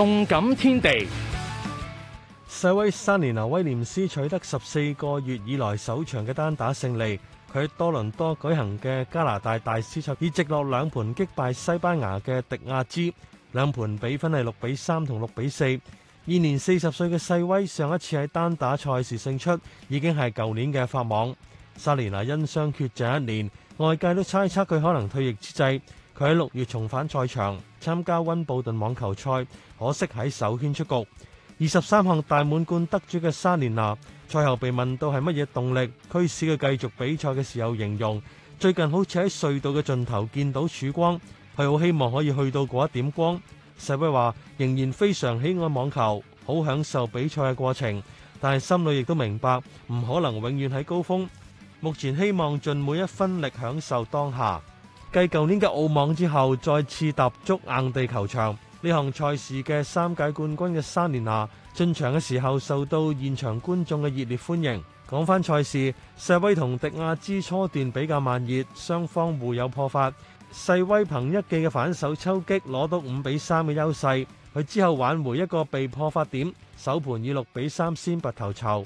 動感天地，細威莎蓮娜威廉斯取得十四個月以來首場嘅單打勝利，佢喺多倫多舉行嘅加拿大大師賽，以直落兩盤擊敗西班牙嘅迪亞茲，兩盤比分係六比三同六比四。現年四十歲嘅細威上一次喺單打賽事勝出，已經係舊年嘅法網。莎蓮娜因傷缺席一年，外界都猜測佢可能退役之際。佢喺六月重返賽場參加温布頓網球賽，可惜喺首圈出局。二十三項大滿貫得主嘅莎蓮娜賽後被問到係乜嘢動力驅使佢繼續比賽嘅時候，形容最近好似喺隧道嘅盡頭見到曙光，佢好希望可以去到嗰一點光。細威話仍然非常喜愛網球，好享受比賽嘅過程，但係心裏亦都明白唔可能永遠喺高峰。目前希望盡每一分力享受當下。繼舊年嘅澳網之後，再次踏足硬地球場，呢項賽事嘅三屆冠軍嘅莎蓮娜進場嘅時候受到現場觀眾嘅熱烈歡迎。講翻賽事，細威同迪亞茲初段比較慢熱，雙方互有破發。細威憑一記嘅反手抽擊攞到五比三嘅優勢，佢之後挽回一個被破發點，首盤以六比三先拔頭籌。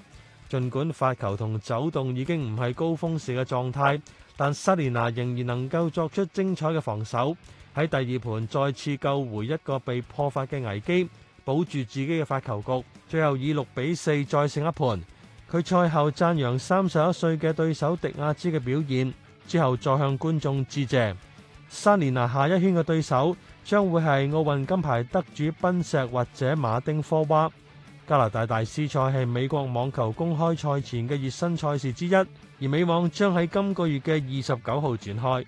盡管發球同走動已經唔係高峰時嘅狀態，但莎蓮娜仍然能夠作出精彩嘅防守，喺第二盤再次救回一個被破發嘅危機，保住自己嘅發球局，最後以六比四再勝一盤。佢賽後讚揚三十一歲嘅對手迪亞茲嘅表現，之後再向觀眾致謝。莎蓮娜下一圈嘅對手將會係奧運金牌得主賓石或者馬丁科娃。加拿大大師賽係美國網球公開賽前嘅熱身賽事之一，而美網將喺今個月嘅二十九號展開。